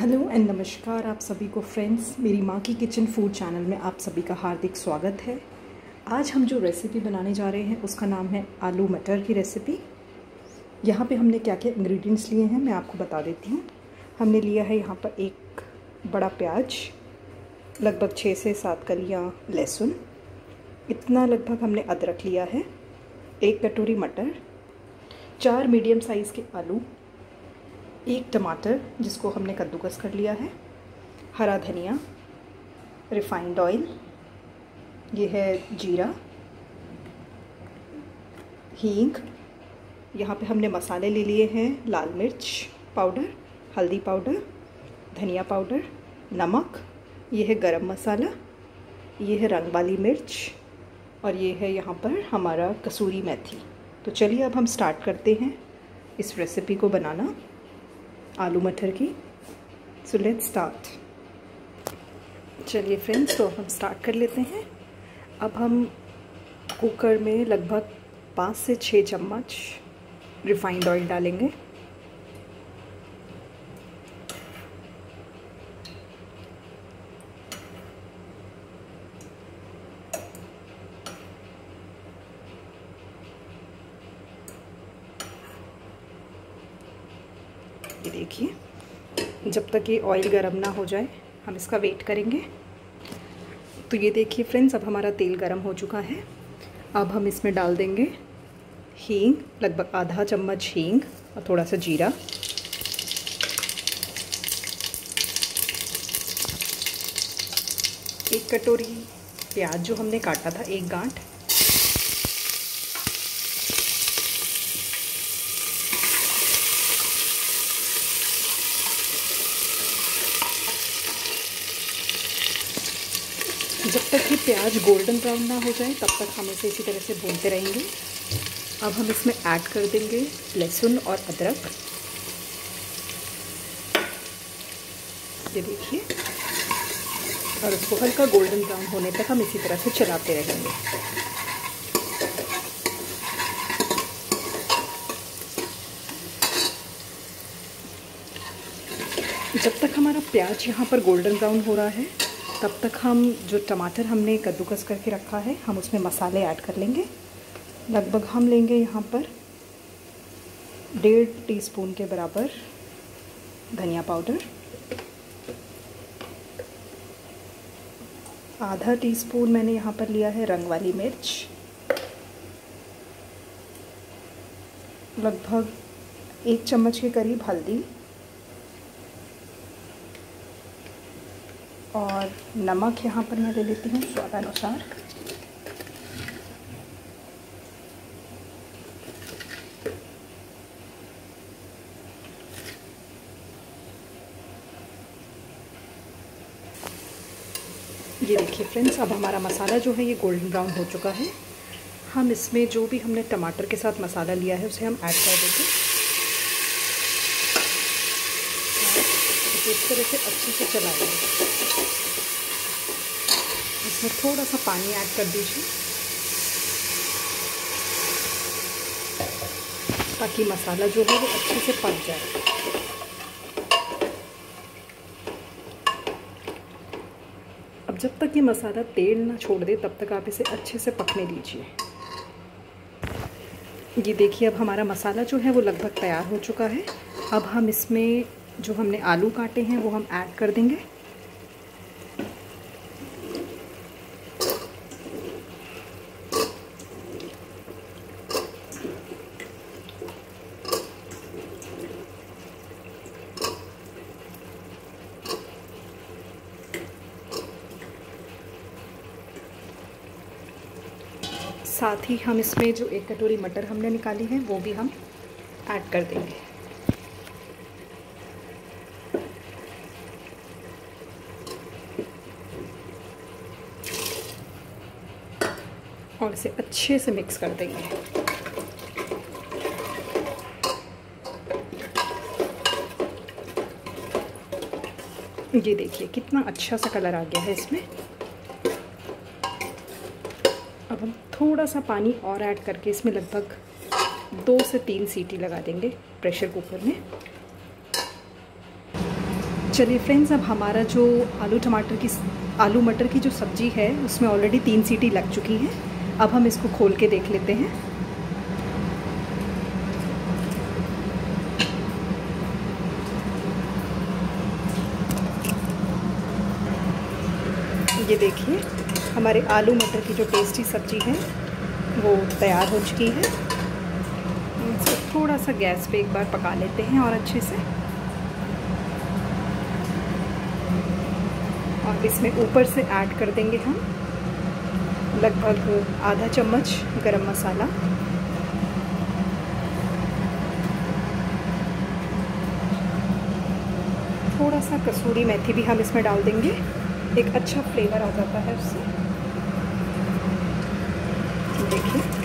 Hello and नमस्कार आप सभी को फ्रेंड्स मेरी माँ की किचन फूड चैनल में आप सभी का हार्दिक स्वागत है आज हम जो रेसिपी बनाने जा रहे हैं उसका नाम है आलू मटर की रेसिपी यहाँ पे हमने क्या क्या इंग्रेडिएंट्स लिए हैं मैं आपको बता देती हूँ हमने लिया है यहाँ पर एक बड़ा प्याज लगभग छः से सात कलियाँ लहसुन इतना लगभग हमने अदरक लिया है एक कटोरी मटर चार मीडियम साइज़ के आलू एक टमाटर जिसको हमने कद्दूकस कर लिया है हरा धनिया रिफाइंड ऑयल ये है जीरा हींग यहाँ पे हमने मसाले ले लिए हैं लाल मिर्च पाउडर हल्दी पाउडर धनिया पाउडर नमक ये है गरम मसाला ये है रंग वाली मिर्च और ये है यहाँ पर हमारा कसूरी मेथी तो चलिए अब हम स्टार्ट करते हैं इस रेसिपी को बनाना आलू मटर की सो लेट्स स्टार्ट चलिए फ्रेंड्स तो हम स्टार्ट कर लेते हैं अब हम कुकर में लगभग पाँच से छः चम्मच रिफाइंड ऑयल डालेंगे ये देखिए जब तक ये ऑयल गर्म ना हो जाए हम इसका वेट करेंगे तो ये देखिए फ्रेंड्स अब हमारा तेल गर्म हो चुका है अब हम इसमें डाल देंगे हींग लगभग आधा चम्मच हींग और थोड़ा सा जीरा एक कटोरी प्याज जो हमने काटा था एक गांठ जब तक कि प्याज गोल्डन ब्राउन ना हो जाए तब तक हम इसे इसी तरह से भूनते रहेंगे अब हम इसमें ऐड कर देंगे लहसुन और अदरक ये देखिए और उसको हल्का गोल्डन ब्राउन होने तक हम इसी तरह से चलाते रहेंगे जब तक हमारा प्याज यहाँ पर गोल्डन ब्राउन हो रहा है तब तक हम जो टमाटर हमने कद्दूकस करके रखा है हम उसमें मसाले ऐड कर लेंगे लगभग हम लेंगे यहाँ पर डेढ़ टीस्पून के बराबर धनिया पाउडर आधा टीस्पून मैंने यहाँ पर लिया है रंग वाली मिर्च लगभग एक चम्मच के करीब हल्दी और नमक यहाँ पर मैं ले देती हूँ स्वादानुसार ये देखिए फ्रेंड्स अब हमारा मसाला जो है ये गोल्डन ब्राउन हो चुका है हम इसमें जो भी हमने टमाटर के साथ मसाला लिया है उसे हम ऐड कर देंगे तो इस तरह से अच्छे से लें इसमें थोड़ा सा पानी ऐड कर दीजिए ताकि मसाला जो है वो अच्छे से पक जाए अब जब तक ये मसाला तेल ना छोड़ दे तब तक आप इसे अच्छे से पकने दीजिए ये देखिए अब हमारा मसाला जो है वो लगभग तैयार हो चुका है अब हम इसमें जो हमने आलू काटे हैं वो हम ऐड कर देंगे साथ ही हम इसमें जो एक कटोरी मटर हमने निकाली है वो भी हम ऐड कर देंगे और इसे अच्छे से मिक्स कर देंगे ये देखिए कितना अच्छा सा कलर आ गया है इसमें अब हम थोड़ा सा पानी और ऐड करके इसमें लगभग दो से तीन सीटी लगा देंगे प्रेशर कुकर में चलिए फ्रेंड्स अब हमारा जो आलू टमाटर की आलू मटर की जो सब्ज़ी है उसमें ऑलरेडी तीन सीटी लग चुकी हैं अब हम इसको खोल के देख लेते हैं ये देखिए हमारे आलू मटर की जो टेस्टी सब्ज़ी है वो तैयार हो चुकी है इसको थोड़ा सा गैस पे एक बार पका लेते हैं और अच्छे से और इसमें ऊपर से ऐड कर देंगे हम लगभग आधा चम्मच गरम मसाला थोड़ा सा कसूरी मेथी भी हम इसमें डाल देंगे एक अच्छा फ्लेवर आ जाता है उससे देखिए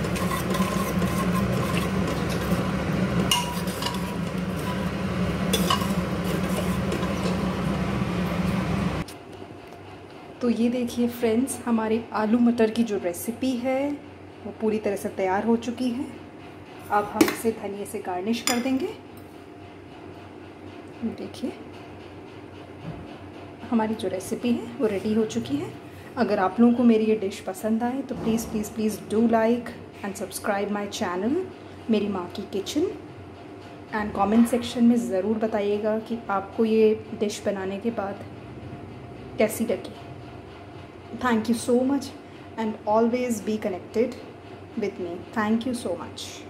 तो ये देखिए फ्रेंड्स हमारे आलू मटर की जो रेसिपी है वो पूरी तरह से तैयार हो चुकी है अब हम इसे धनिया से गार्निश कर देंगे देखिए हमारी जो रेसिपी है वो रेडी हो चुकी है अगर आप लोगों को मेरी ये डिश पसंद आए तो please please please do like and subscribe my channel मेरी माँ की किचन एंड कमेंट सेक्शन में ज़रूर बताइएगा कि आपको ये डिश बनाने के बाद कैसी लगी Thank you so much and always be connected with me. Thank you so much.